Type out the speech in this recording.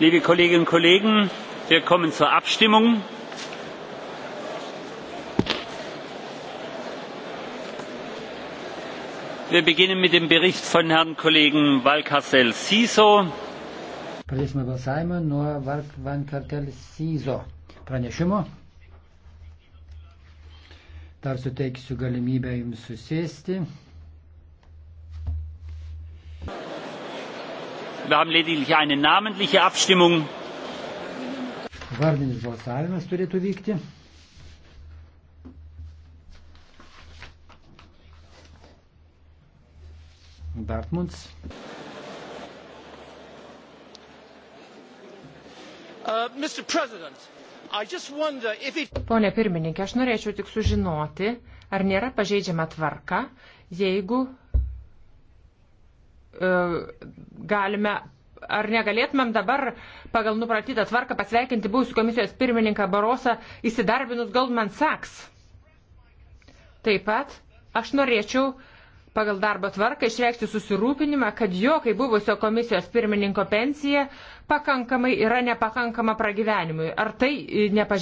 Liebe Kolleginnen und Kollegen, wir kommen zur Abstimmung. Wir beginnen mit dem Bericht von Herrn Kollegen Valcarcel Siso. Pradėsime balsavimą nuo Valcarcel Siso pranešimo. Dar suteiksiu galimybę jums susėsti. Wir haben lediglich eine namentliche Abstimmung. Vardinis balsavimas turėtų vykti. Dartmunds. Uh, Mr. President, Pone pirmininkė, aš norėčiau tik sužinoti, ar nėra pažeidžiama tvarka, jeigu E, galime, ar negalėtumėm dabar pagal nupratytą tvarką pasveikinti buvusių komisijos pirmininką Barosą įsidarbinus Goldman Sachs. Taip pat aš norėčiau pagal darbo tvarką išreikšti susirūpinimą, kad jo, kai buvusio komisijos pirmininko pensija, pakankamai yra nepakankama pragyvenimui. Ar tai e, nepažeidžia?